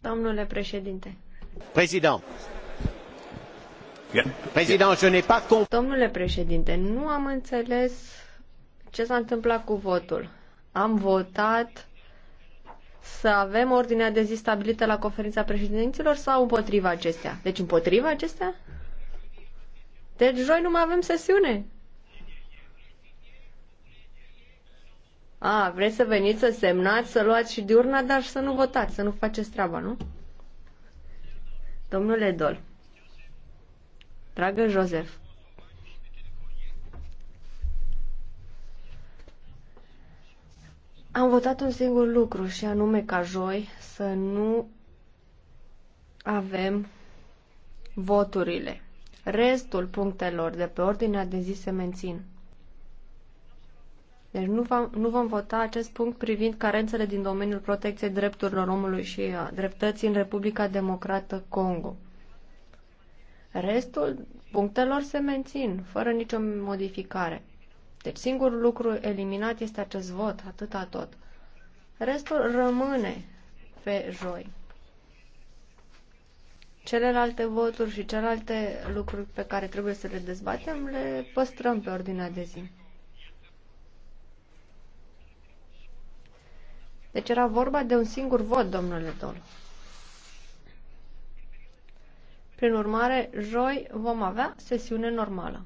Domnule președinte. Domnule președinte, nu am înțeles ce s-a întâmplat cu votul. Am votat să avem ordinea de zi stabilită la conferința președinților sau împotriva acestea? Deci împotriva acestea? Deci joi nu mai avem sesiune. A, vreți să veniți să semnați, să luați și diurna, dar să nu votați, să nu faceți treaba, nu? Domnule Dol, dragă Josef. am votat un singur lucru și anume ca joi să nu avem voturile. Restul punctelor de pe ordinea de zi se mențin. Deci nu, vom, nu vom vota acest punct privind carențele din domeniul protecției drepturilor omului și a uh, dreptății în Republica Democrată Congo. Restul punctelor se mențin, fără nicio modificare. Deci singurul lucru eliminat este acest vot, atâta tot. Restul rămâne pe joi. Celelalte voturi și celelalte lucruri pe care trebuie să le dezbatem le păstrăm pe ordinea de zi. Deci era vorba de un singur vot, domnule Dol. Prin urmare, joi vom avea sesiune normală.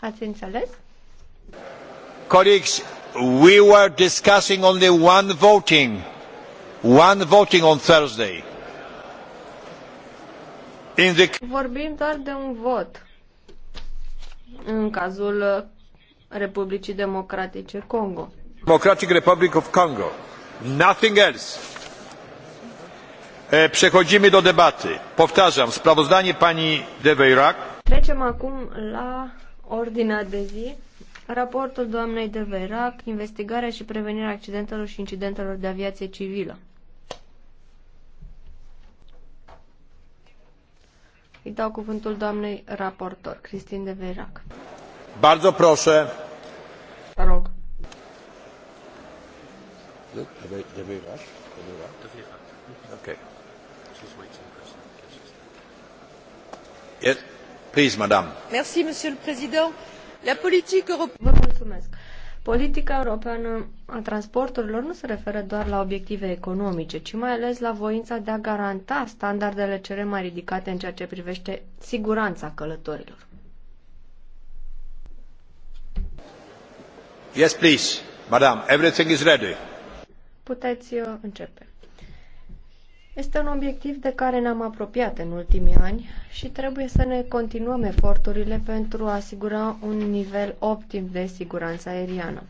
Ați înțeles? Colegi, we were discussing only one voting. One voting on Thursday. In the... Vorbim doar de un vot. În cazul Republicii Democratice Congo. Democratic Republic of Congo. Nothing else. Przechodzimy do debaty. Powtarzam, sprawozdanie pani de Veyrac. Trecem acum la ordinea de zi. Raportul doamnei de Veyrac, investigarea și prevenirea accidentelor și incidentelor de aviație civilă. Îi dau cuvântul doamnei raportor, Cristin de Veyrac. Bardzo proszę. Rog. Look, dove, dove va? Dove va? Dove Okay. She's waiting for Yes. Please, madame. Merci, monsieur le président. La politique europeană... mulțumesc. Politica europeană a transporturilor nu se referă doar la obiective economice, ci mai ales la voința de a garanta standardele cele mai ridicate în ceea ce privește siguranța călătorilor. Yes, please. everything is ready. Puteți uh, începe. Este un obiectiv de care ne-am apropiat în ultimii ani și trebuie să ne continuăm eforturile pentru a asigura un nivel optim de siguranță aeriană.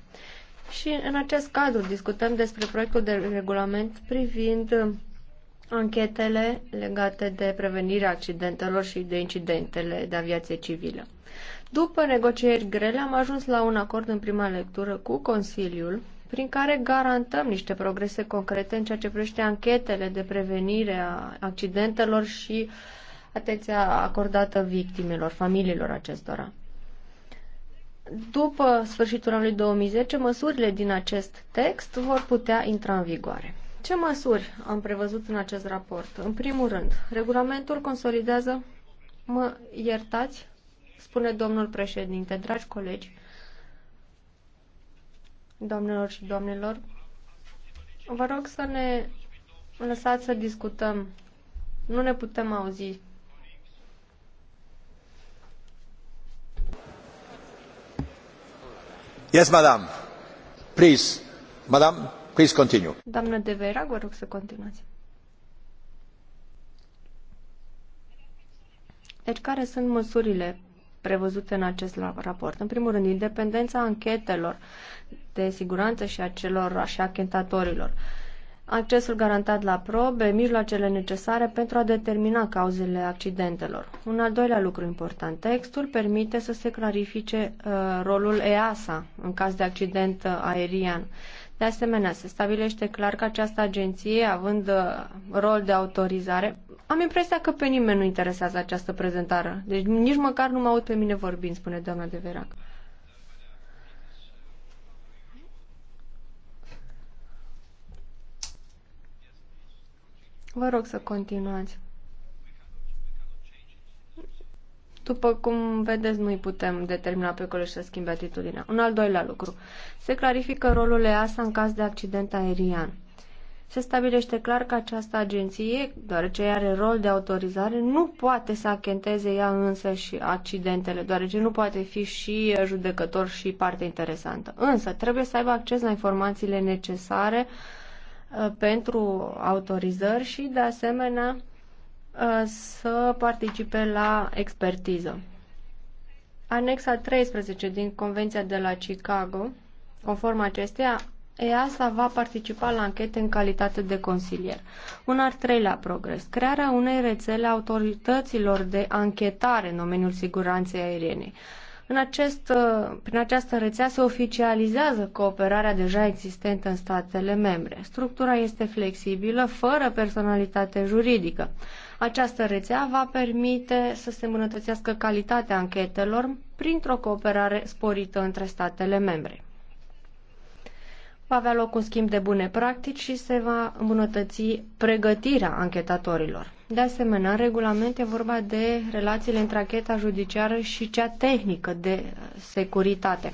Și în acest cadru discutăm despre proiectul de regulament privind uh, anchetele legate de prevenirea accidentelor și de incidentele de aviație civilă. După negocieri grele am ajuns la un acord în prima lectură cu Consiliul prin care garantăm niște progrese concrete în ceea ce privește anchetele de prevenire a accidentelor și atenția acordată victimelor, familiilor acestora. După sfârșitul anului 2010, măsurile din acest text vor putea intra în vigoare. Ce măsuri am prevăzut în acest raport? În primul rând, regulamentul consolidează, mă iertați, spune domnul președinte, dragi colegi, Domnilor și domnilor, vă rog să ne lăsați să discutăm. Nu ne putem auzi. Yes, madam. Please, madam, please continue. Doamna de Vera, vă rog să continuați. Deci, care sunt măsurile prevăzute în acest raport? În primul rând, independența anchetelor de siguranță și a celor și a chentatorilor. Accesul garantat la probe, mijloacele necesare pentru a determina cauzele accidentelor. Un al doilea lucru important, textul permite să se clarifice uh, rolul EASA în caz de accident uh, aerian. De asemenea, se stabilește clar că această agenție, având uh, rol de autorizare, am impresia că pe nimeni nu interesează această prezentare. Deci nici măcar nu mă aud pe mine vorbind, spune doamna de Verac. Vă rog să continuați. După cum vedeți, nu-i putem determina pe colegi să schimbe atitudinea. Un al doilea lucru. Se clarifică rolul EASA în caz de accident aerian. Se stabilește clar că această agenție, deoarece are rol de autorizare, nu poate să achenteze ea însă și accidentele, deoarece nu poate fi și judecător și parte interesantă. Însă trebuie să aibă acces la informațiile necesare uh, Uh, pentru autorizări și, de asemenea, uh, să participe la expertiză. Anexa 13 din Convenția de la Chicago, conform acesteia, EASA va participa la anchete în calitate de consilier. Un al treilea progres, crearea unei rețele autorităților de anchetare în domeniul siguranței aeriene. În acest, uh, prin această rețea se oficializează cooperarea deja existentă în statele membre. Structura este flexibilă, fără personalitate juridică. Această rețea va permite să se îmbunătățească calitatea anchetelor printr-o cooperare sporită între statele membre va avea loc un schimb de bune practici și se va îmbunătăți pregătirea anchetatorilor. De asemenea, în regulament e vorba de relațiile între ancheta judiciară și cea tehnică de securitate.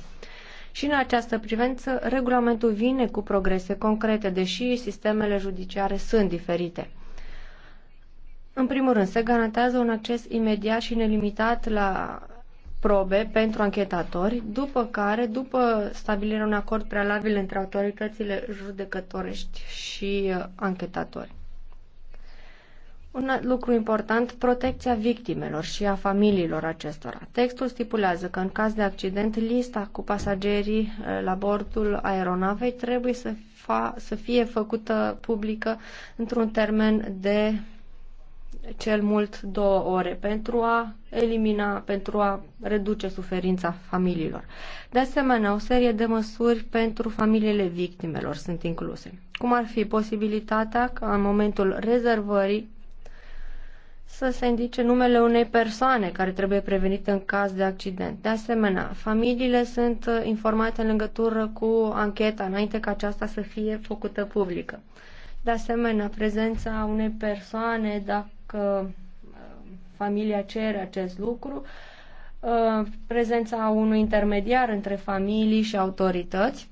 Și în această privință, regulamentul vine cu progrese concrete, deși sistemele judiciare sunt diferite. În primul rând, se garantează un acces imediat și nelimitat la probe pentru anchetatori, după care, după stabilirea unui acord prealabil între autoritățile judecătorești și uh, anchetatori. Un alt lucru important, protecția victimelor și a familiilor acestora. Textul stipulează că în caz de accident, lista cu pasagerii uh, la bordul aeronavei trebuie să, fa- să fie făcută publică într-un termen de cel mult două ore pentru a elimina, pentru a reduce suferința familiilor. De asemenea, o serie de măsuri pentru familiile victimelor sunt incluse, cum ar fi posibilitatea ca în momentul rezervării să se indice numele unei persoane care trebuie prevenită în caz de accident. De asemenea, familiile sunt uh, informate în legătură cu ancheta înainte ca aceasta să fie făcută publică. De asemenea, prezența unei persoane, dacă dacă uh, familia cere acest lucru, uh, prezența unui intermediar între familii și autorități,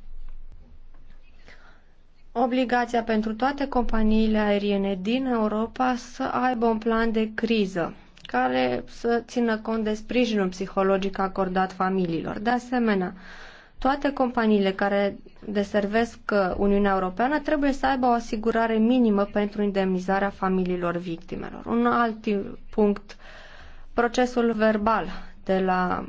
obligația pentru toate companiile aeriene din Europa să aibă un plan de criză care să țină cont de sprijinul psihologic acordat familiilor. De asemenea, toate companiile care deservesc uh, Uniunea Europeană trebuie să aibă o asigurare minimă pentru indemnizarea familiilor victimelor. Un alt punct, procesul verbal de la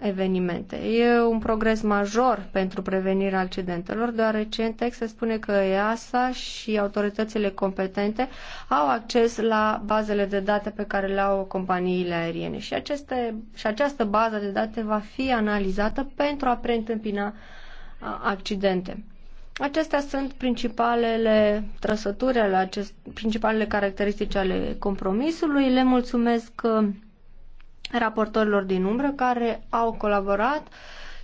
evenimente. E un progres major pentru prevenirea accidentelor, deoarece în text se spune că EASA și autoritățile competente au acces la bazele de date pe care le au companiile aeriene și, aceste, și această bază de date va fi analizată pentru a preîntâmpina accidente. Acestea sunt principalele trăsături ale acest, principalele caracteristici ale compromisului. Le mulțumesc uh, raportorilor din umbră care au colaborat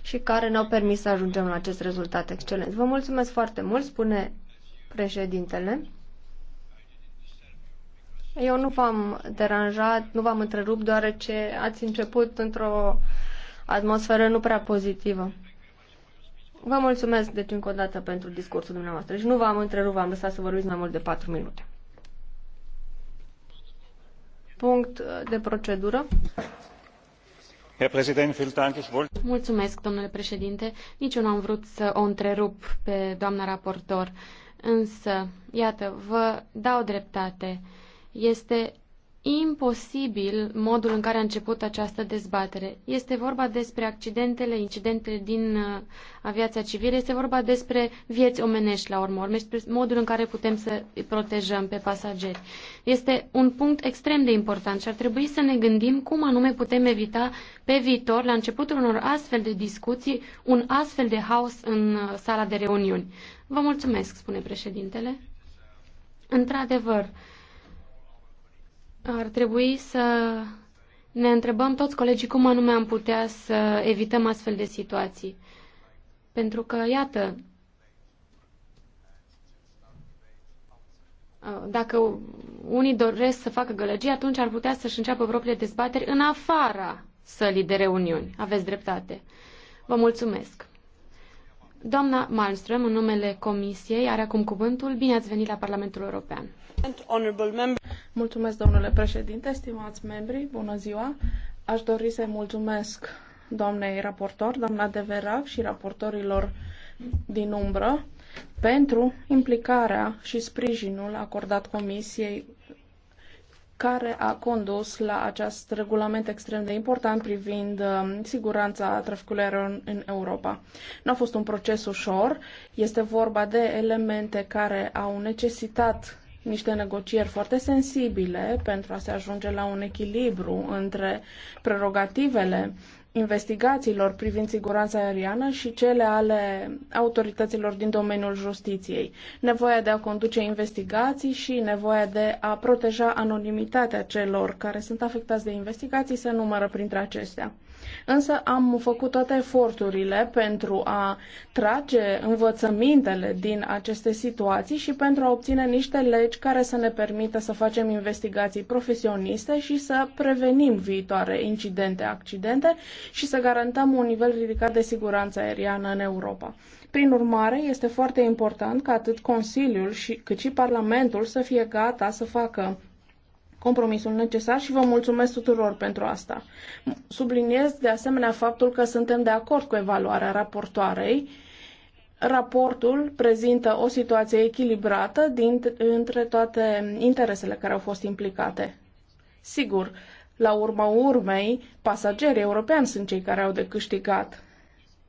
și care ne-au permis să ajungem la acest rezultat excelent. Vă mulțumesc foarte mult, spune președintele. Eu nu v-am deranjat, nu v-am întrerupt, deoarece ați început într-o atmosferă nu prea pozitivă. Vă mulțumesc, deci, încă o dată pentru discursul dumneavoastră și nu v-am întrerupt, v-am lăsat să vorbiți mai mult de patru minute punct uh, de procedură. Mulțumesc, domnule președinte. Nici eu nu am vrut să o întrerup pe doamna raportor, însă, iată, vă dau dreptate. Este imposibil modul în care a început această dezbatere. Este vorba despre accidentele, incidentele din uh, aviația civilă, este vorba despre vieți omenești la urmă, despre modul în care putem să îi protejăm pe pasageri. Este un punct extrem de important și ar trebui să ne gândim cum anume putem evita pe viitor, la începutul unor astfel de discuții, un astfel de haos în uh, sala de reuniuni. Vă mulțumesc, spune președintele. Într-adevăr, ar trebui să ne întrebăm toți colegii cum anume am putea să evităm astfel de situații. Pentru că, iată, dacă unii doresc să facă gălăgie, atunci ar putea să-și înceapă propriile dezbateri în afara sălii de reuniuni. Aveți dreptate. Vă mulțumesc. Doamna Malmström, în numele Comisiei, are acum cuvântul. Bine ați venit la Parlamentul European. Mulțumesc, domnule președinte, stimați membri, bună ziua. Aș dori să-i mulțumesc doamnei raportor, doamna Deverac și raportorilor din umbră pentru implicarea și sprijinul acordat Comisiei care a condus la acest regulament extrem de important privind um, siguranța traficului aerian în Europa. Nu a fost un proces ușor, este vorba de elemente care au necesitat niște negocieri foarte sensibile pentru a se ajunge la un echilibru între prerogativele investigațiilor privind siguranța aeriană și cele ale autorităților din domeniul justiției, nevoia de a conduce investigații și nevoia de a proteja anonimitatea celor care sunt afectați de investigații se numără printre acestea. Însă am făcut toate eforturile pentru a trage învățămintele din aceste situații și pentru a obține niște legi care să ne permită să facem investigații profesioniste și să prevenim viitoare incidente, accidente și să garantăm un nivel ridicat de siguranță aeriană în Europa. Prin urmare, este foarte important ca atât Consiliul și, cât și Parlamentul să fie gata să facă compromisul necesar și vă mulțumesc tuturor pentru asta. Subliniez de asemenea faptul că suntem de acord cu evaluarea raportoarei. Raportul prezintă o situație echilibrată dintre toate interesele care au fost implicate. Sigur, la urma urmei, pasagerii europeni sunt cei care au de câștigat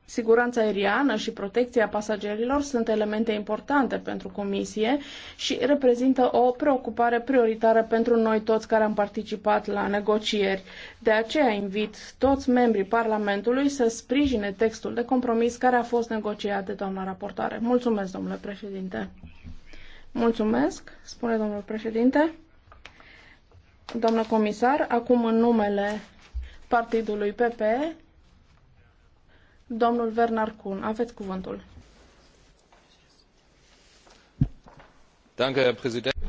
Siguranța aeriană și protecția pasagerilor sunt elemente importante pentru Comisie și reprezintă o preocupare prioritară pentru noi toți care am participat la negocieri. De aceea invit toți membrii Parlamentului să sprijine textul de compromis care a fost negociat de doamna raportoare. Mulțumesc, domnule președinte. Mulțumesc, spune domnul președinte. Doamnă comisar, acum în numele partidului PP, Domnul Werner Kuhn, aveți cuvântul.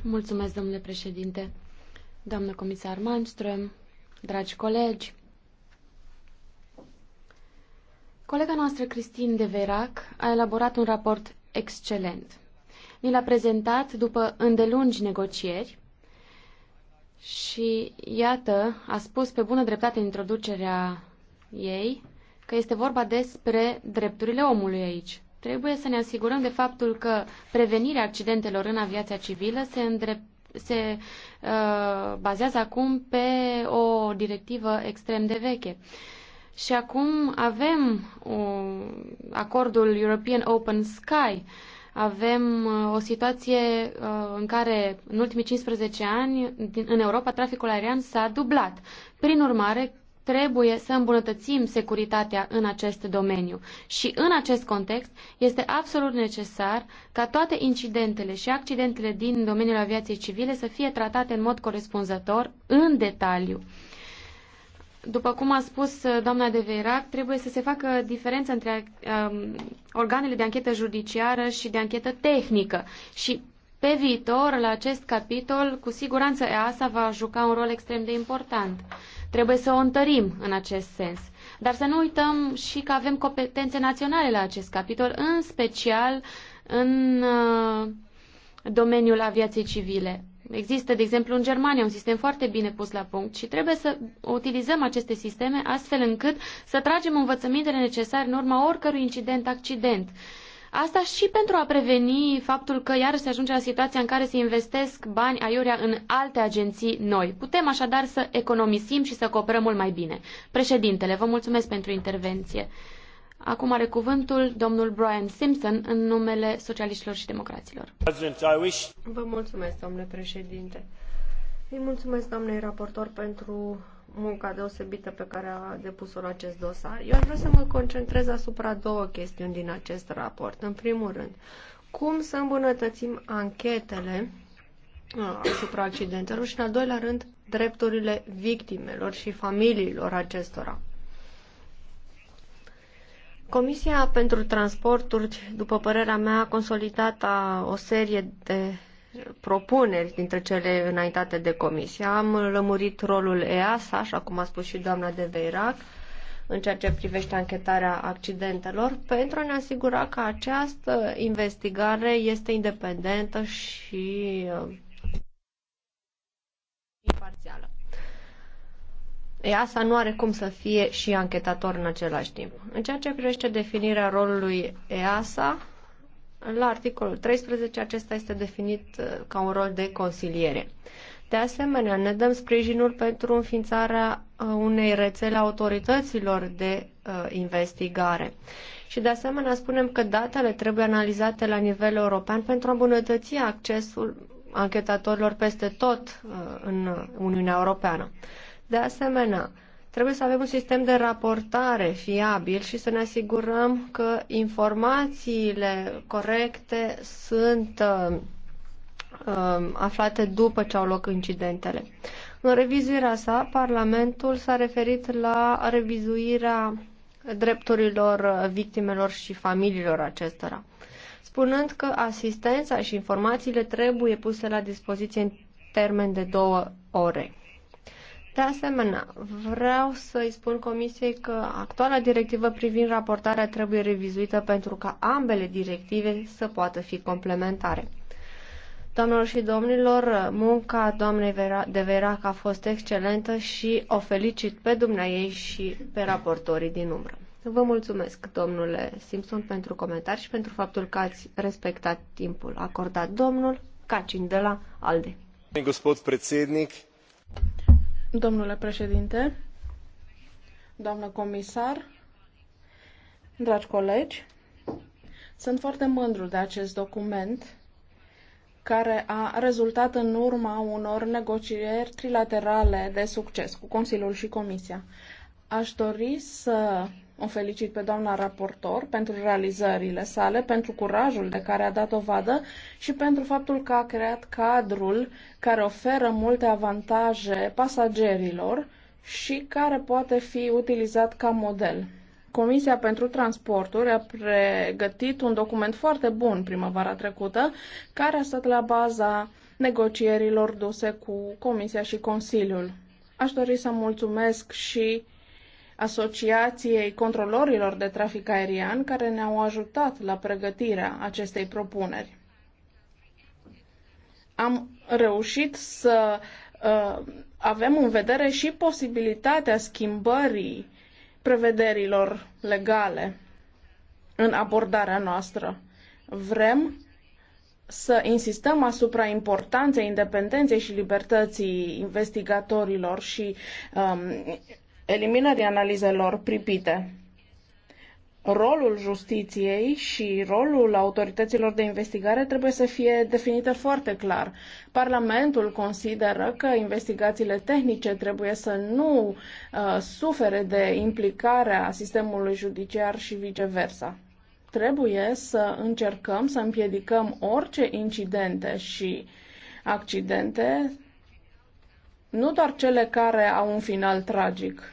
Mulțumesc, domnule președinte. Doamnă comisar Malmström, dragi colegi, colega noastră Cristin de Verac a elaborat un raport excelent. Ni l-a prezentat după îndelungi negocieri și, iată, a spus pe bună dreptate în introducerea ei că este vorba despre drepturile omului aici. Trebuie să ne asigurăm de faptul că prevenirea accidentelor în aviația civilă se, îndrept, se uh, bazează acum pe o directivă extrem de veche. Și acum avem uh, acordul European Open Sky. Avem uh, o situație uh, în care în ultimii 15 ani din, în Europa traficul aerian s-a dublat. Prin urmare, Trebuie să îmbunătățim securitatea în acest domeniu și în acest context este absolut necesar ca toate incidentele și accidentele din domeniul aviației civile să fie tratate în mod corespunzător, în detaliu. După cum a spus uh, doamna de Veirac, trebuie să se facă diferență între um, organele de anchetă judiciară și de anchetă tehnică. Și pe viitor, la acest capitol, cu siguranță EASA va juca un rol extrem de important. Trebuie să o întărim în acest sens. Dar să nu uităm și că avem competențe naționale la acest capitol, în special în uh, domeniul aviației civile. Există, de exemplu, în Germania un sistem foarte bine pus la punct și trebuie să utilizăm aceste sisteme astfel încât să tragem învățămintele necesare în urma oricărui incident, accident. Uh, Asta și pentru a preveni faptul că iar se ajunge la situația în care se investesc bani aiurea în alte agenții noi. Putem așadar să economisim și să cooperăm mult mai bine. Președintele, vă mulțumesc pentru intervenție. Acum are cuvântul domnul Brian Simpson în numele socialiștilor și democraților. Vă mulțumesc, domnule președinte. Îi mulțumesc, doamnei raportor, pentru munca deosebită pe care a depus-o la acest dosar. Eu aș vrea să mă concentrez asupra două chestiuni din acest raport. În primul rând, cum să îmbunătățim anchetele uh, asupra accidentelor și, în al doilea rând, drepturile victimelor și familiilor acestora. Comisia pentru Transporturi, după părerea mea, a consolidat o serie de propuneri dintre cele înaintate de comisie. Am lămurit rolul EASA, așa cum a spus și doamna de Veirac, în ceea ce privește anchetarea accidentelor, pentru a ne asigura că această investigare este independentă și uh, imparțială. EASA nu are cum să fie și anchetator în același timp. În ceea ce privește definirea rolului EASA, la articolul 13 acesta este definit uh, ca un rol de consiliere. De asemenea, ne dăm sprijinul pentru înființarea uh, unei rețele autorităților de uh, investigare. Și de asemenea spunem că datele trebuie analizate la nivel european pentru a îmbunătăți accesul anchetatorilor peste tot uh, în Uniunea Europeană. De asemenea, uh, Trebuie să avem un sistem de raportare fiabil și să ne asigurăm că informațiile corecte sunt uh, aflate după ce au loc incidentele. În revizuirea sa, Parlamentul s-a referit la revizuirea drepturilor victimelor și familiilor acestora, spunând că asistența și informațiile trebuie puse la dispoziție în termen de două ore. De asemenea, vreau să-i spun Comisiei că actuala directivă privind raportarea trebuie revizuită pentru ca ambele directive să poată fi complementare. Doamnelor și domnilor, munca doamnei de Verac a fost excelentă și o felicit pe dumneai și pe raportorii din umbră. Vă mulțumesc, domnule Simpson, pentru comentarii și pentru faptul că ați respectat timpul acordat domnul Cacin de la ALDE. Gospod predsednic, Domnule președinte, doamnă comisar, dragi colegi, sunt foarte mândru de acest document care a rezultat în urma unor negocieri trilaterale de succes cu Consiliul și Comisia. Aș dori să o felicit pe doamna raportor pentru realizările sale, pentru curajul de care a dat o vadă și pentru faptul că a creat cadrul care oferă multe avantaje pasagerilor și care poate fi utilizat ca model. Comisia pentru Transporturi a pregătit un document foarte bun primăvara trecută, care a stat la baza negocierilor duse cu Comisia și Consiliul. Aș dori să mulțumesc și Asociației Controlorilor de Trafic Aerian, care ne-au ajutat la pregătirea acestei propuneri. Am reușit să uh, avem în vedere și posibilitatea schimbării prevederilor legale în abordarea noastră. Vrem să insistăm asupra importanței independenței și libertății investigatorilor și um, eliminării analizelor pripite. Rolul justiției și rolul autorităților de investigare trebuie să fie definite foarte clar. Parlamentul consideră că investigațiile tehnice trebuie să nu uh, sufere de implicarea sistemului judiciar și viceversa trebuie să încercăm să împiedicăm orice incidente și accidente, nu doar cele care au un final tragic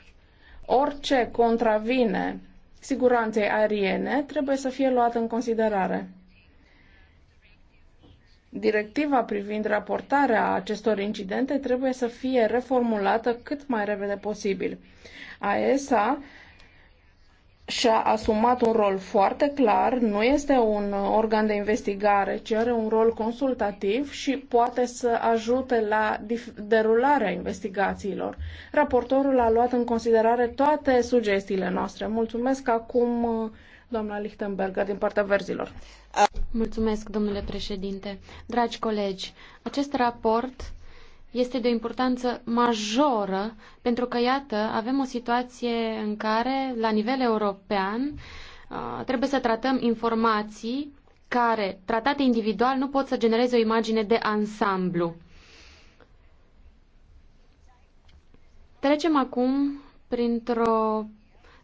orice contravine siguranței aeriene trebuie să fie luat în considerare. Directiva privind raportarea acestor incidente trebuie să fie reformulată cât mai repede posibil. AESA și-a asumat un rol foarte clar, nu este un organ de investigare, ci are un rol consultativ și poate să ajute la derularea investigațiilor. Raportorul a luat în considerare toate sugestiile noastre. Mulțumesc acum doamna Lichtenberger din partea verzilor. Mulțumesc, domnule președinte. Dragi colegi, acest raport este de o importanță majoră, pentru că, iată, avem o situație în care, la nivel european, uh, trebuie să tratăm informații care, tratate individual, nu pot să genereze o imagine de ansamblu. Trecem acum printr-o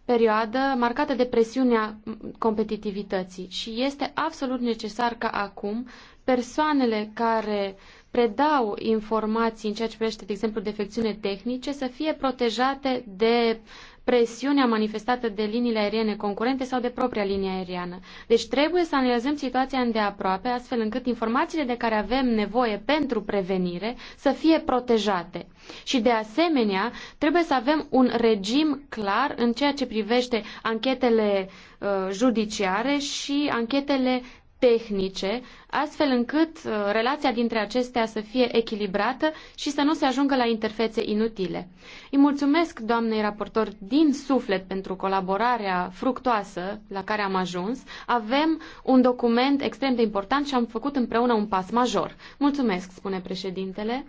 perioadă marcată de presiunea competitivității și este absolut necesar ca acum persoanele care uh, predau informații în ceea ce privește, de exemplu, defecțiune tehnice, să fie protejate de presiunea manifestată de liniile aeriene concurente sau de propria linie aeriană. Deci trebuie să analizăm situația îndeaproape, astfel încât informațiile de care avem nevoie pentru prevenire să fie protejate. Și de asemenea, trebuie să avem un regim clar în ceea ce privește anchetele uh, judiciare și anchetele tehnice, astfel încât uh, relația dintre acestea să fie echilibrată și să nu se ajungă la interfețe inutile. Îi mulțumesc doamnei raportor din suflet pentru colaborarea fructoasă la care am ajuns. Avem un document extrem de important și am făcut împreună un pas major. Mulțumesc, spune președintele.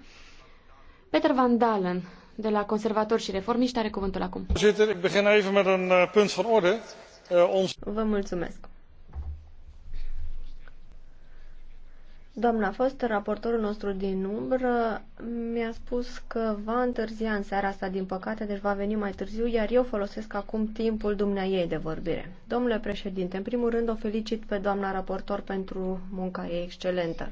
Peter Van Dalen, de la conservator și Reformiști, are cuvântul acum. Eh, eh, Vă mulțumesc. Doamna fost, raportorul nostru din umbră, mi-a spus că va întârzia în seara asta, din păcate, deci va veni mai târziu, iar eu folosesc acum timpul dumnea ei de vorbire. Domnule președinte, în primul rând o felicit pe doamna raportor pentru munca ei excelentă.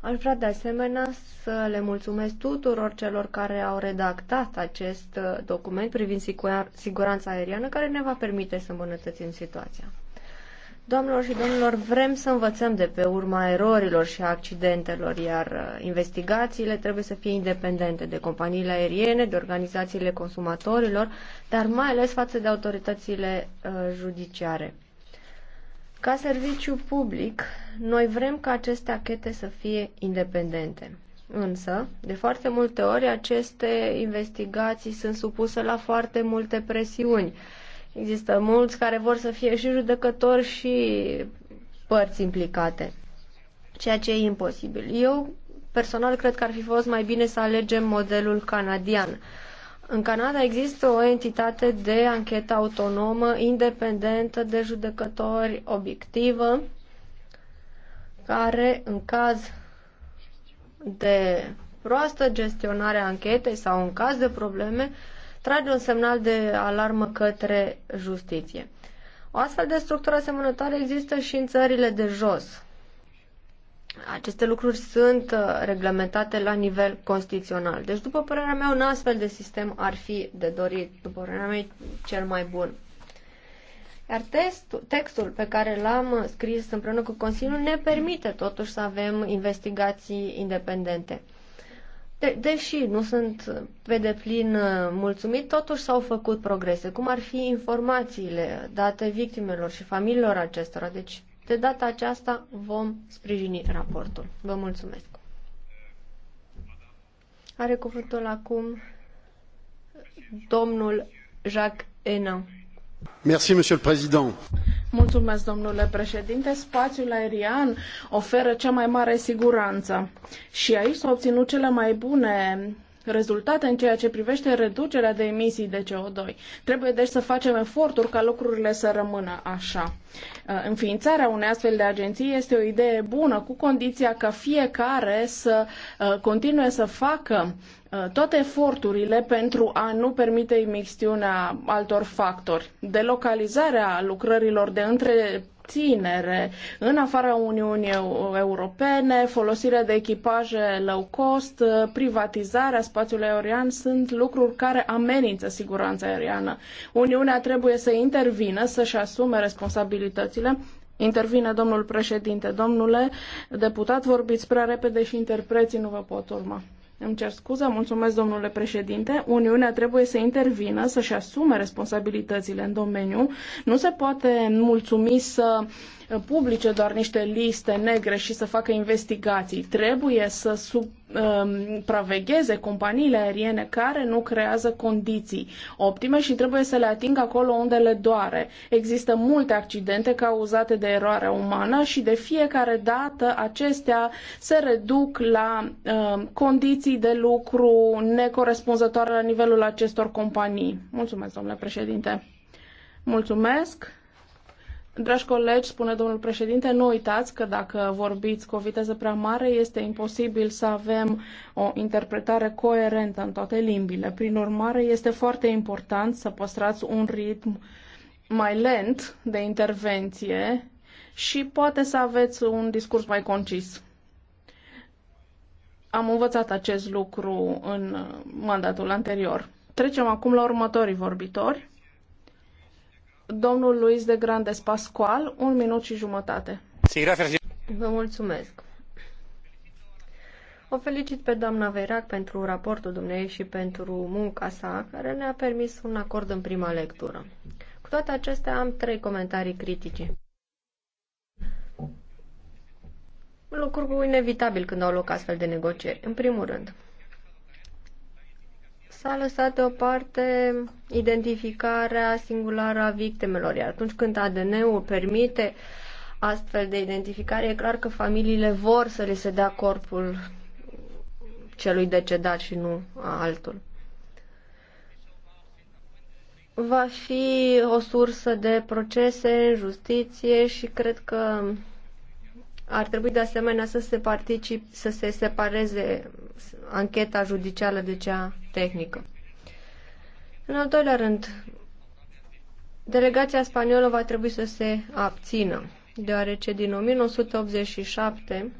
Aș vrea de asemenea să le mulțumesc tuturor celor care au redactat acest document privind siguranța aeriană, care ne va permite să îmbunătățim situația. Doamnelor și domnilor, vrem să învățăm de pe urma erorilor și accidentelor, iar uh, investigațiile trebuie să fie independente de companiile aeriene, de organizațiile consumatorilor, dar mai ales față de autoritățile uh, judiciare. Ca serviciu public, noi vrem ca aceste achete să fie independente. Însă, de foarte multe ori, aceste investigații sunt supuse la foarte multe presiuni Există mulți care vor să fie și judecători și părți implicate, ceea ce e imposibil. Eu personal cred că ar fi fost mai bine să alegem modelul canadian. În Canada există o entitate de anchetă autonomă, independentă de judecători, obiectivă, care în caz de proastă gestionare a anchetei sau în caz de probleme trage un semnal de alarmă către justiție. O astfel de structură asemănătoare există și în țările de jos. Aceste lucruri sunt uh, reglementate la nivel constituțional. Deci, după părerea mea, un astfel de sistem ar fi de dorit, după părerea mea, cel mai bun. Iar textul pe care l-am scris împreună cu Consiliul ne permite totuși să avem investigații independente de, deși nu sunt pe deplin uh, mulțumit, totuși s-au făcut progrese, cum ar fi informațiile date victimelor și familiilor acestora. Deci, de data aceasta vom sprijini raportul. Vă mulțumesc. Are cuvântul acum domnul Jacques Enan. Mulțumesc, domnule președinte. Spațiul aerian oferă cea mai mare siguranță și aici s-au obținut cele mai bune rezultate în ceea ce privește reducerea de emisii de CO2. Trebuie deci să facem eforturi ca lucrurile să rămână așa. Uh, înființarea unei astfel de agenții este o idee bună, cu condiția ca fiecare să uh, continue să facă uh, toate eforturile pentru a nu permite imixtiunea altor factori. Delocalizarea lucrărilor de între tinere în afara Uniunii Europene, folosirea de echipaje low cost, privatizarea spațiului aerian sunt lucruri care amenință siguranța aeriană. Uniunea trebuie să intervină, să-și asume responsabilitățile Intervine domnul președinte. Domnule deputat, vorbiți prea repede și interpreții nu vă pot urma. Îmi cer scuze, mulțumesc domnule președinte. Uniunea trebuie să intervină, să-și asume responsabilitățile în domeniu. Nu se poate mulțumi să uh, publice doar niște liste negre și să facă investigații. Trebuie să supravegheze um, companiile aeriene care nu creează condiții optime și trebuie să le atingă acolo unde le doare. Există multe accidente cauzate de eroare umană și de fiecare dată acestea se reduc la um, condiții de lucru necorespunzătoare la nivelul acestor companii. Mulțumesc, domnule președinte. Mulțumesc. Dragi colegi, spune domnul președinte, nu uitați că dacă vorbiți cu o viteză prea mare, este imposibil să avem o interpretare coerentă în toate limbile. Prin urmare, este foarte important să păstrați un ritm mai lent de intervenție și poate să aveți un discurs mai concis. Am învățat acest lucru în mandatul anterior. Trecem acum la următorii vorbitori. Domnul Luis de Grandes Pascual, un minut și jumătate. Vă mulțumesc. O felicit pe doamna Veirac pentru raportul dumneei și pentru munca sa, care ne-a permis un acord în prima lectură. Cu toate acestea, am trei comentarii critice. Lucru inevitabil când au loc astfel de negocieri. În primul rând, s-a lăsat deoparte identificarea singulară a victimelor, iar atunci când ADN-ul permite astfel de identificare, e clar că familiile vor să le se dea corpul celui decedat și nu a altul. Va fi o sursă de procese în justiție și cred că ar trebui de asemenea să se particip, să se separeze ancheta judicială de cea tehnică. În al doilea rând, delegația spaniolă va trebui să se abțină, deoarece din 1987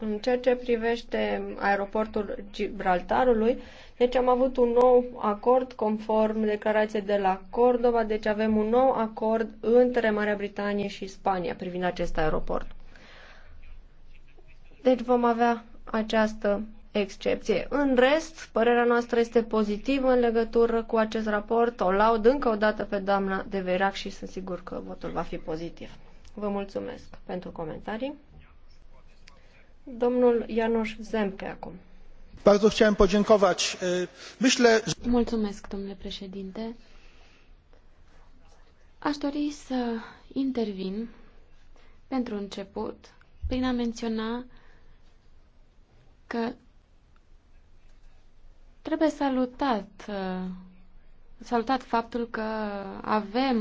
În ceea ce privește aeroportul Gibraltarului, deci am avut un nou acord conform declarației de la Cordova, deci avem un nou acord între Marea Britanie și Spania privind acest aeroport. Deci vom avea această excepție. În rest, părerea noastră este pozitivă în legătură cu acest raport. O laud încă o dată pe doamna de Verac și sunt sigur că votul va fi pozitiv. Vă mulțumesc pentru comentarii. Domnul Janusz Zemke acum. Bardzo chciałem podziękować. Myślę... Mulțumesc, domnule președinte. Aș dori să intervin pentru început prin a menționa că trebuie salutat, salutat faptul că avem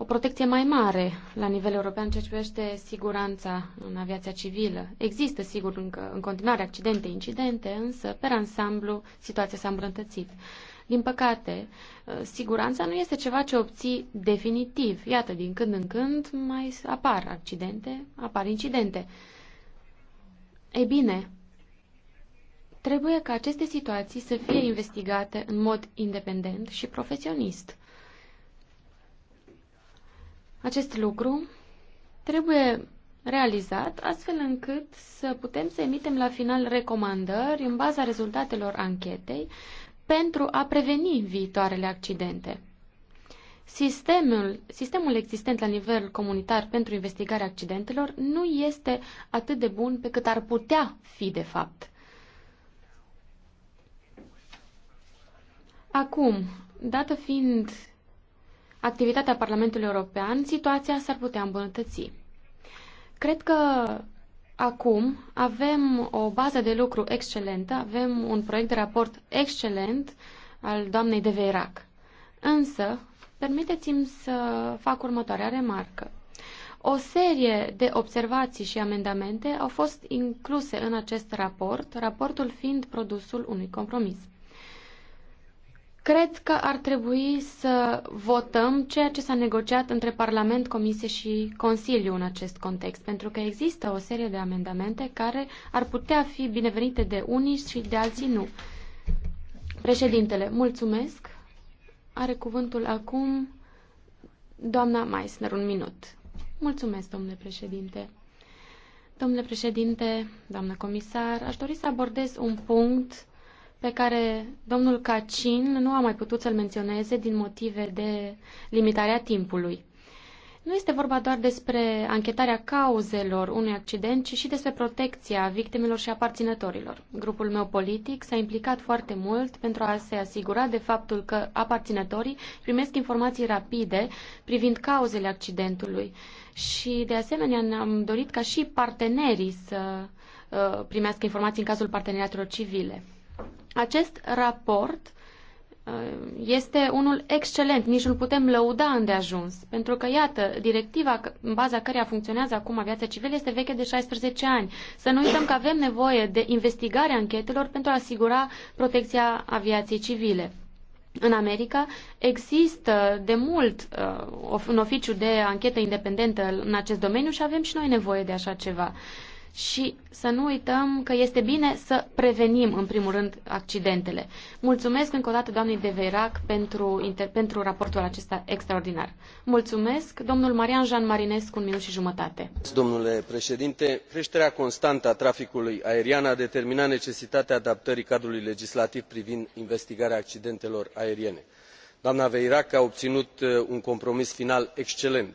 o protecție mai mare la nivel european ceea ce privește siguranța în aviația civilă. Există, sigur, încă, în continuare accidente, incidente, însă, per ansamblu, situația s-a îmbrătățit. Din păcate, ă, siguranța nu este ceva ce obții definitiv. Iată, din când în când mai apar accidente, apar incidente. Ei bine, trebuie ca aceste situații să fie investigate în mod independent și profesionist. Acest lucru trebuie realizat astfel încât să putem să emitem la final recomandări în baza rezultatelor anchetei pentru a preveni viitoarele accidente. Sistemul, sistemul existent la nivel comunitar pentru investigarea accidentelor nu este atât de bun pe cât ar putea fi de fapt. Acum, dată fiind activitatea Parlamentului European, situația s-ar putea îmbunătăți. Cred că acum avem o bază de lucru excelentă, avem un proiect de raport excelent al doamnei de Veirac. Însă, permiteți-mi să fac următoarea remarcă. O serie de observații și amendamente au fost incluse în acest raport, raportul fiind produsul unui compromis. Cred că ar trebui să votăm ceea ce s-a negociat între Parlament, Comisie și Consiliu în acest context, pentru că există o serie de amendamente care ar putea fi binevenite de unii și de alții nu. Președintele, mulțumesc. Are cuvântul acum doamna Meissner, un minut. Mulțumesc, domnule președinte. Domnule președinte, doamnă comisar, aș dori să abordez un punct uh, pe care domnul Cacin nu a mai putut să-l menționeze din motive de limitarea timpului. Nu este vorba doar despre anchetarea cauzelor unui accident, ci și despre protecția victimelor și aparținătorilor. Grupul meu politic s-a implicat foarte mult pentru a se asigura de faptul că aparținătorii primesc informații rapide privind cauzele accidentului și, de asemenea, ne-am dorit ca și partenerii să uh, primească informații în cazul parteneriatelor civile. Acest raport uh, este unul excelent, nici nu putem lăuda îndeajuns, pentru că, iată, directiva în baza căreia funcționează acum aviația civilă este veche de 16 ani. Să nu uităm că avem nevoie de investigarea anchetelor pentru a asigura protecția aviației civile. În America există de mult uh, un oficiu de anchetă independentă în acest domeniu și avem și noi nevoie de așa ceva. Uh, și să nu uităm că este bine să prevenim, în primul rând, accidentele. Mulțumesc încă o dată doamnei de Veirac pentru, inter, pentru raportul acesta extraordinar. Mulțumesc, domnul Marian Jean Marinescu, un minut și jumătate. Domnule președinte, creșterea constantă a traficului aerian a determinat necesitatea adaptării cadrului legislativ privind investigarea accidentelor aeriene. Doamna Veirac a obținut uh, un compromis final excelent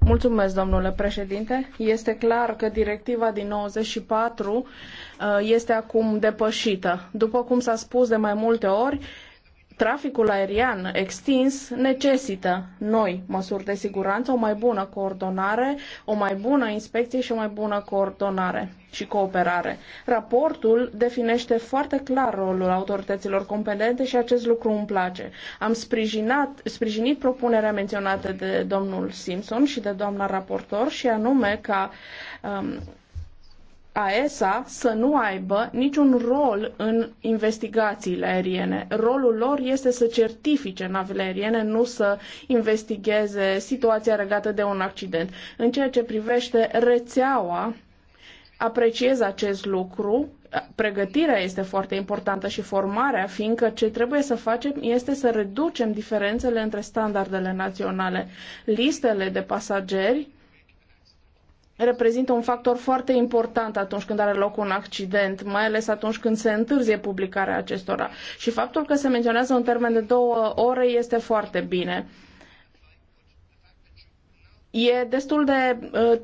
Mulțumesc, domnule președinte. Este clar că directiva din 94 uh, este acum depășită. După cum s-a spus de mai multe ori, traficul aerian extins necesită noi măsuri de siguranță, o mai bună coordonare, o mai bună inspecție și o mai bună coordonare și cooperare. Raportul definește foarte clar rolul autorităților competente și acest lucru îmi place. Am sprijinat, sprijinit propunerea menționată de domnul Simpson și de doamna raportor și anume ca um, esa să nu aibă niciun rol în investigațiile aeriene. Rolul lor este să certifice navele aeriene, nu să investigheze situația regată de un accident. În ceea ce privește rețeaua, apreciez acest lucru. Pregătirea este foarte importantă și formarea, fiindcă ce trebuie să facem este să reducem diferențele între standardele naționale. Listele de pasageri reprezintă un factor foarte important atunci când are loc un accident, mai ales atunci când se întârzie publicarea acestora. Și faptul că se menționează un termen de două ore este foarte bine. E destul de uh,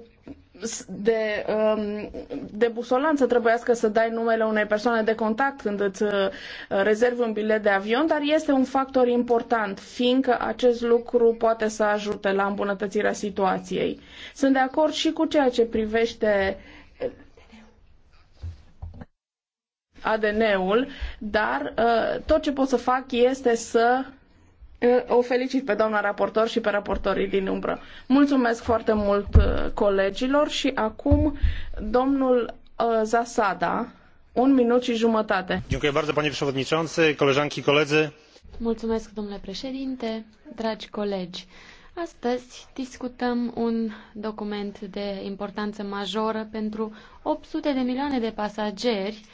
de, um, de să trebuiască să dai numele unei persoane de contact când îți uh, rezervi un bilet de avion, dar este un factor important, fiindcă acest lucru poate să ajute la îmbunătățirea situației. Sunt de acord și cu ceea ce privește ADN-ul, dar uh, tot ce pot să fac este să o felicit pe doamna raportor și pe raportorii din umbră. Mulțumesc foarte mult uh, colegilor și acum domnul uh, Zasada, un minut și jumătate. Dziękuję bardzo, panie przewodniczący, koleżanki, koledzy. Mulțumesc, domnule președinte, dragi colegi. Astăzi discutăm un document de importanță majoră pentru 800 de milioane de pasageri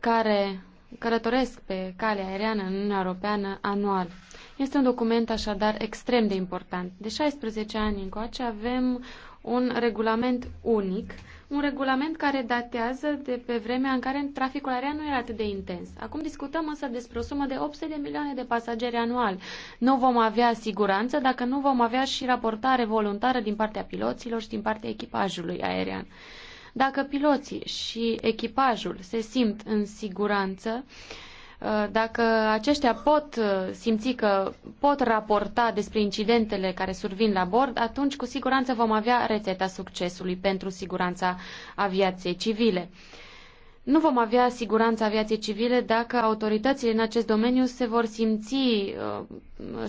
care călătoresc pe calea aeriană în Uniunea Europeană anual. Este un document așadar extrem de important. De 16 ani încoace avem un regulament unic, un regulament care datează de pe vremea în care traficul aerian nu era atât de intens. Acum discutăm însă despre o sumă de 800 de milioane de pasageri anual. Nu vom avea siguranță dacă nu vom avea și raportare voluntară din partea piloților și din partea echipajului aerian. Dacă piloții și echipajul se simt în siguranță, uh, Uh, dacă aceștia pot uh, simți că pot raporta despre incidentele care survin la bord, atunci cu siguranță vom avea rețeta succesului pentru siguranța aviației civile. Nu vom avea siguranța aviației civile dacă autoritățile în acest domeniu se vor simți uh,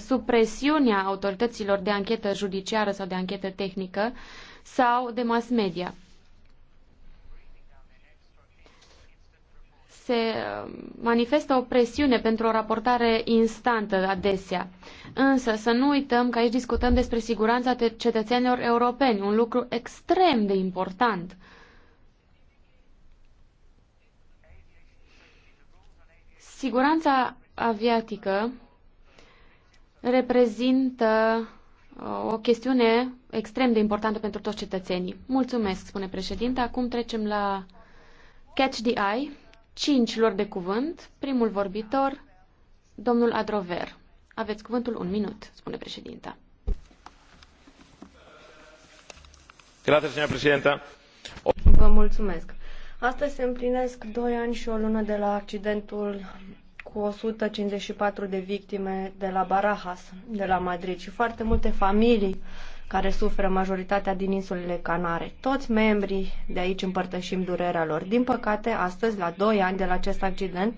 sub presiunea autorităților de anchetă judiciară sau de anchetă tehnică sau de mass media. se uh, manifestă o presiune pentru o raportare instantă adesea. Însă să nu uităm că aici discutăm despre siguranța de cetățenilor europeni, un lucru extrem de important. Siguranța aviatică reprezintă uh, o chestiune extrem de importantă pentru toți cetățenii. Mulțumesc, spune președinte. Acum trecem la Catch the Eye cinci lor de cuvânt. Primul vorbitor, domnul Adrover. Aveți cuvântul un minut, spune președinta. Vă mulțumesc. Astăzi se împlinesc doi ani și o lună de la accidentul cu 154 de victime de la Barajas, de la Madrid și foarte multe familii care suferă majoritatea din insulele Canare. Toți membrii de aici împărtășim durerea lor. Din păcate, astăzi, la 2 ani de la acest accident,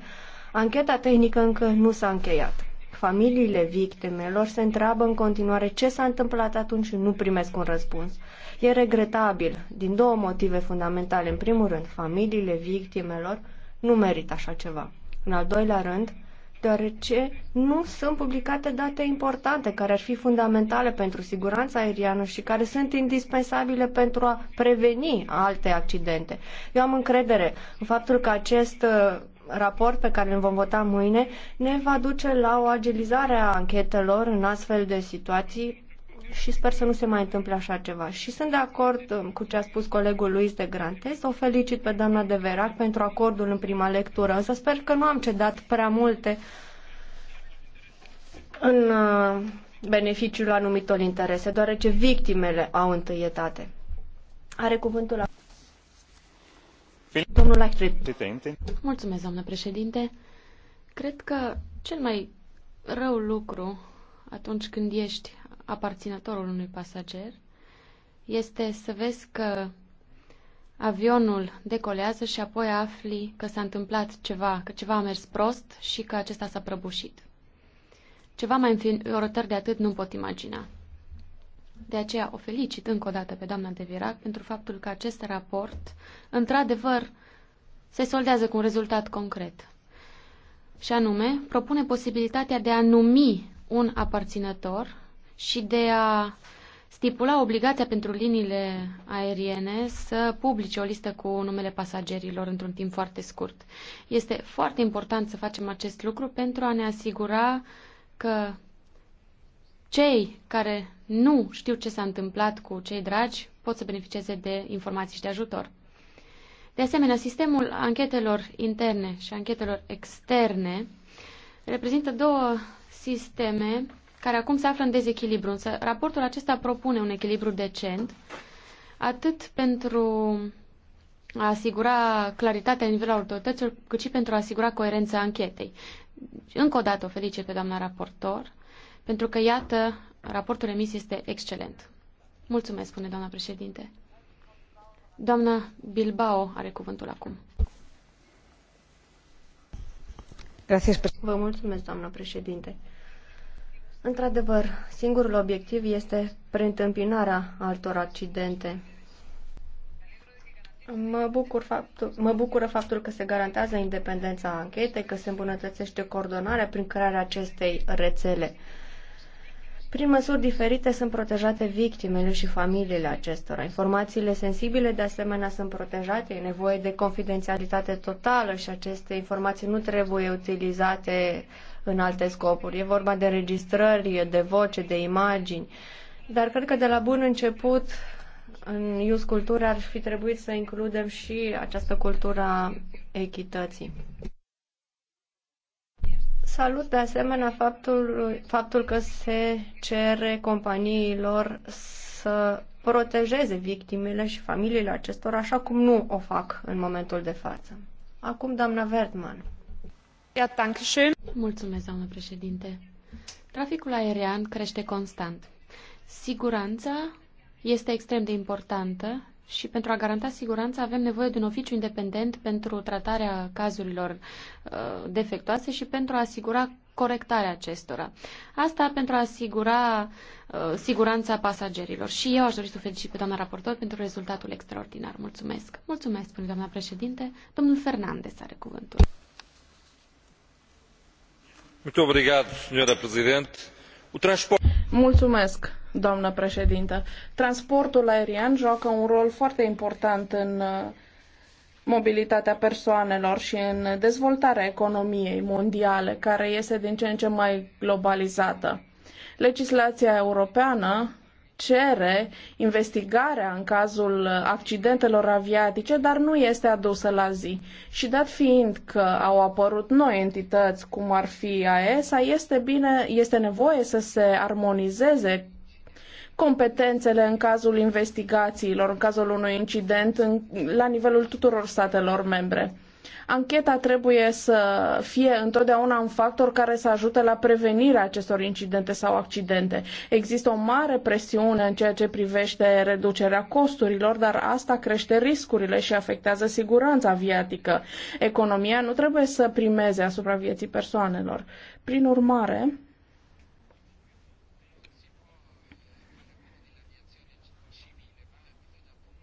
ancheta tehnică încă nu s-a încheiat. Familiile victimelor se întreabă în continuare ce s-a întâmplat atunci și nu primesc un răspuns. E regretabil, din două motive fundamentale. În primul rând, familiile victimelor nu merită așa ceva. În al doilea rând, deoarece nu sunt publicate date importante care ar fi fundamentale pentru siguranța aeriană și care sunt indispensabile pentru a preveni alte accidente. Eu am încredere în faptul că acest uh, raport pe care îl vom vota mâine ne va duce la o agilizare a anchetelor în astfel de situații și sper să nu se mai întâmple așa ceva. Și sunt de acord um, cu ce a spus colegul Luis de Grantes. O felicit pe doamna de Verac pentru acordul în prima lectură, însă sper că nu am cedat prea multe în uh, beneficiul anumitor interese, deoarece victimele au întâietate. Are cuvântul la... Domnul Mulțumesc, doamnă președinte. Cred că cel mai rău lucru atunci când ești aparținătorul unui pasager este să vezi că avionul decolează și apoi afli că s-a întâmplat ceva, că ceva a mers prost și că acesta s-a prăbușit. Ceva mai înfiorător de atât nu pot imagina. De aceea o felicit încă o dată pe doamna de Virac pentru faptul că acest raport, într-adevăr, se soldează cu un rezultat concret. Și anume, propune posibilitatea de a numi un aparținător și de a stipula obligația pentru liniile aeriene să publice o listă cu numele pasagerilor într-un timp foarte scurt. Este foarte important să facem acest lucru pentru a ne asigura că cei care nu știu ce s-a întâmplat cu cei dragi pot să beneficieze de informații și de ajutor. De asemenea, sistemul anchetelor interne și anchetelor externe reprezintă două sisteme care acum se află în dezechilibru. Însă raportul acesta propune un echilibru decent, atât pentru a asigura claritatea la nivelul autorităților, cât și pentru a asigura coerența anchetei. Încă o dată o felicit pe doamna raportor, pentru că, iată, raportul emis este excelent. Mulțumesc, spune doamna președinte. Doamna Bilbao are cuvântul acum. Vă mulțumesc, doamna președinte. Într-adevăr, singurul obiectiv este preîntâmpinarea altor accidente. Mă, bucur faptul, mă bucură faptul că se garantează independența anchetei, că se îmbunătățește coordonarea prin crearea acestei rețele. Prin măsuri diferite sunt protejate victimele și familiile acestora. Informațiile sensibile, de asemenea, sunt protejate. E nevoie de confidențialitate totală și aceste informații nu trebuie utilizate uh, în alte scopuri. E vorba de registrări, de voce, de imagini. Dar cred că de la bun început în Ius Cultura ar fi trebuit să includem și această cultură a echității. Salut de asemenea faptul, faptul că se cere companiilor să protejeze victimele și familiile acestor, așa cum nu o fac în momentul de față. Acum, doamna Vertman. Mulțumesc, președinte. Traficul aerian crește constant. Siguranța este extrem de importantă și pentru a garanta siguranța avem nevoie de un oficiu independent pentru tratarea cazurilor uh, defectoase și pentru a asigura corectarea acestora. Asta pentru a asigura uh, siguranța pasagerilor. Și eu aș dori să o felicit pe doamna raportor pentru rezultatul extraordinar. Mulțumesc. Mulțumesc, doamna președinte. Domnul Fernandez are cuvântul. Mulțumesc, Transportul aerian joacă un rol foarte important în uh, mobilitatea persoanelor și în dezvoltarea economiei mondiale, care este din ce în ce mai globalizată. Legislația europeană cere investigarea în cazul accidentelor aviatice, dar nu este adusă la zi. Și dat fiind că au apărut noi entități, cum ar fi AESA, este bine, este nevoie să se armonizeze competențele în cazul investigațiilor, în cazul unui incident, în, la nivelul tuturor statelor membre. Ancheta trebuie să fie întotdeauna un factor care să ajute la prevenirea acestor incidente sau accidente. Există o mare presiune în ceea ce privește reducerea costurilor, dar asta crește riscurile și afectează siguranța aviatică. Economia nu trebuie să primeze asupra vieții persoanelor. Prin urmare,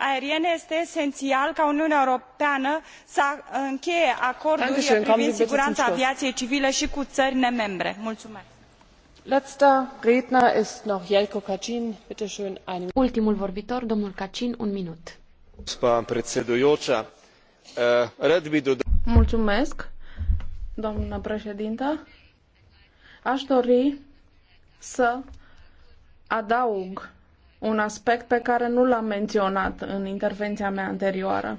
aeriene este esenial ca uniunea europeană să încheie acorduri privind sigurana aviaiei civile i cu ări nemembre. Ultimul vorbitor, domnul un minut. Eh, Mulțumesc, președintă. Aș dori să adaug un aspect pe care nu l-am menționat în intervenția mea anterioară.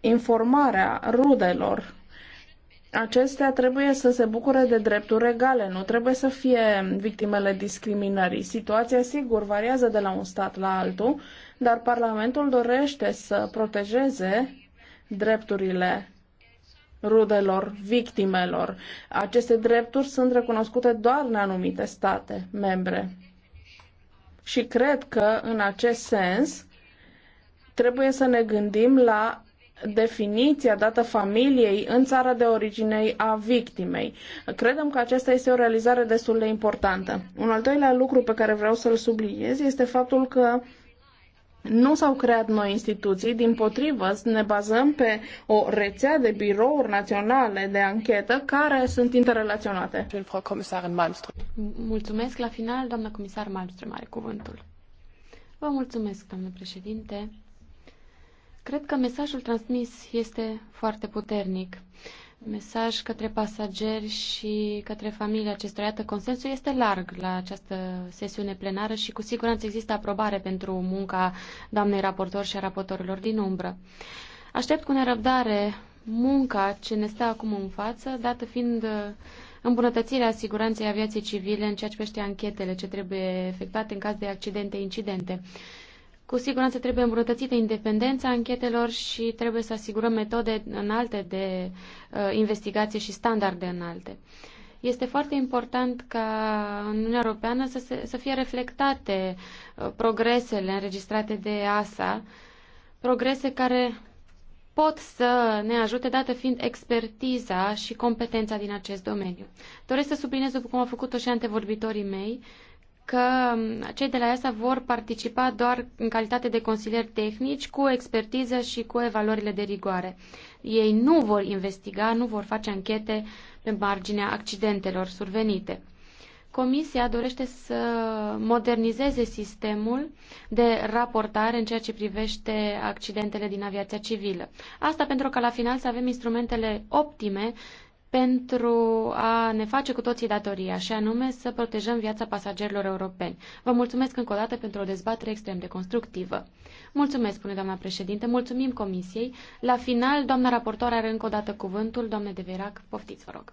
Informarea rudelor. Acestea trebuie să se bucure de drepturi egale, nu trebuie să fie victimele discriminării. Situația, sigur, variază de la un stat la altul, dar Parlamentul dorește să protejeze drepturile rudelor, victimelor. Aceste drepturi sunt recunoscute doar în anumite state membre. Și cred că, în acest sens, trebuie să ne gândim la definiția dată familiei în țara de origine a victimei. Credem că aceasta este o realizare destul de importantă. Un al doilea lucru pe care vreau să-l subliniez este faptul că uh, nu s-au creat noi instituții, din potrivă ne bazăm pe o rețea de birouri naționale de anchetă care sunt interrelaționate. Mulțumesc. La final, doamna comisar Malmström are cuvântul. Vă mulțumesc, doamnă președinte. Cred că mesajul transmis este foarte puternic mesaj către pasageri și către familia acestor. Iată, consensul este larg la această sesiune plenară și cu siguranță există aprobare pentru munca doamnei raportor și a raportorilor din umbră. Aștept cu nerăbdare munca ce ne stă acum în față, dată fiind uh, îmbunătățirea siguranței aviației civile în ceea ce privește anchetele ce trebuie efectuate în caz de accidente, incidente. Cu siguranță trebuie îmbunătățită independența anchetelor și trebuie să asigurăm metode înalte de uh, investigație și standarde înalte. Este foarte important ca în Uniunea Europeană să, se, să fie reflectate uh, progresele înregistrate de ASA, progrese care pot să ne ajute, dată fiind expertiza și competența din acest domeniu. Doresc să subliniez, după cum au făcut-o și antevorbitorii mei, uh, că cei de la EASA vor participa doar în calitate de consilieri tehnici, cu expertiză și cu evaluările de rigoare. Ei nu vor investiga, nu vor face anchete pe marginea accidentelor survenite. Comisia dorește să modernizeze sistemul de raportare în ceea ce privește accidentele din aviația civilă. Asta pentru ca la final să avem instrumentele optime pentru a ne face cu toții datoria, și anume să protejăm viața pasagerilor europeni. Vă mulțumesc încă o dată pentru o dezbatere extrem de constructivă. Mulțumesc, spune doamna președinte, mulțumim comisiei. La final, doamna raportor are încă o dată cuvântul. Doamne de Verac, poftiți, vă rog.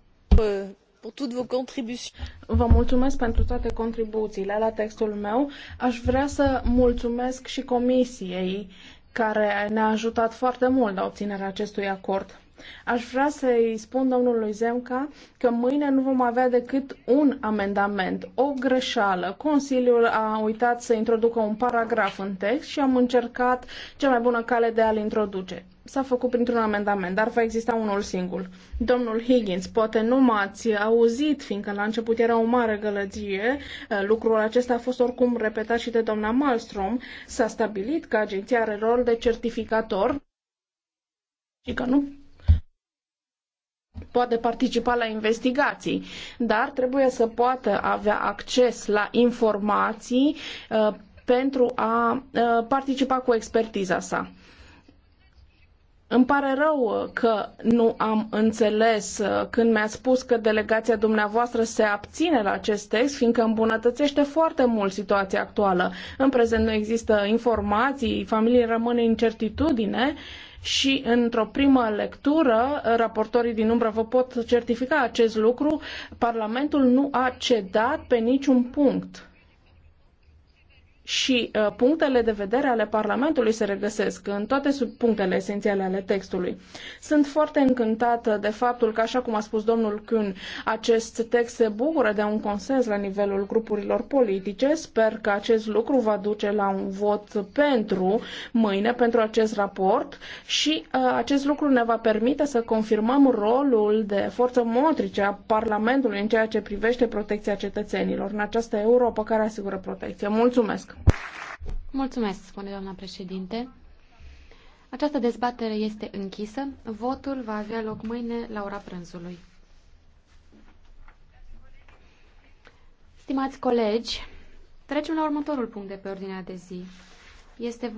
Vă mulțumesc pentru toate contribuțiile la textul meu. Aș vrea să mulțumesc și comisiei care ne-a ajutat foarte mult la obținerea acestui acord Aș vrea să-i spun domnului Zemca că mâine nu vom avea decât un amendament, o greșeală. Consiliul a uitat să introducă un paragraf în text și am încercat cea mai bună cale de a-l introduce. S-a făcut printr-un amendament, dar va exista unul singur. Domnul Higgins, poate nu m-ați auzit, fiindcă la început era o mare gălăgie. Lucrul acesta a fost oricum repetat și de doamna Malmström. S-a stabilit că agenția are rol de certificator și că nu poate participa la investigații, dar trebuie să poată avea acces la informații uh, pentru a uh, participa cu expertiza sa. Îmi pare rău că nu am înțeles uh, când mi a spus că delegația dumneavoastră se abține la acest text, fiindcă îmbunătățește foarte mult situația actuală. În prezent nu există informații, familiile rămân în certitudine. Uh, și într-o primă lectură, raportorii din umbră vă pot certifica acest lucru, Parlamentul nu a cedat pe niciun punct și uh, punctele de vedere ale Parlamentului se regăsesc în toate punctele esențiale ale textului. Sunt foarte încântată de faptul că, așa cum a spus domnul Kuhn, acest text se bucură de un consens la nivelul grupurilor politice. Sper că acest lucru va duce la un vot pentru mâine, pentru acest raport și uh, acest lucru ne va permite să confirmăm rolul de forță motrice a Parlamentului în ceea ce privește protecția cetățenilor în această Europa care asigură protecție. Mulțumesc! Mulțumesc, spune doamna președinte. Această dezbatere este închisă. Votul va avea loc mâine la ora prânzului. Stimați colegi, trecem la următorul punct de pe ordinea de zi. Este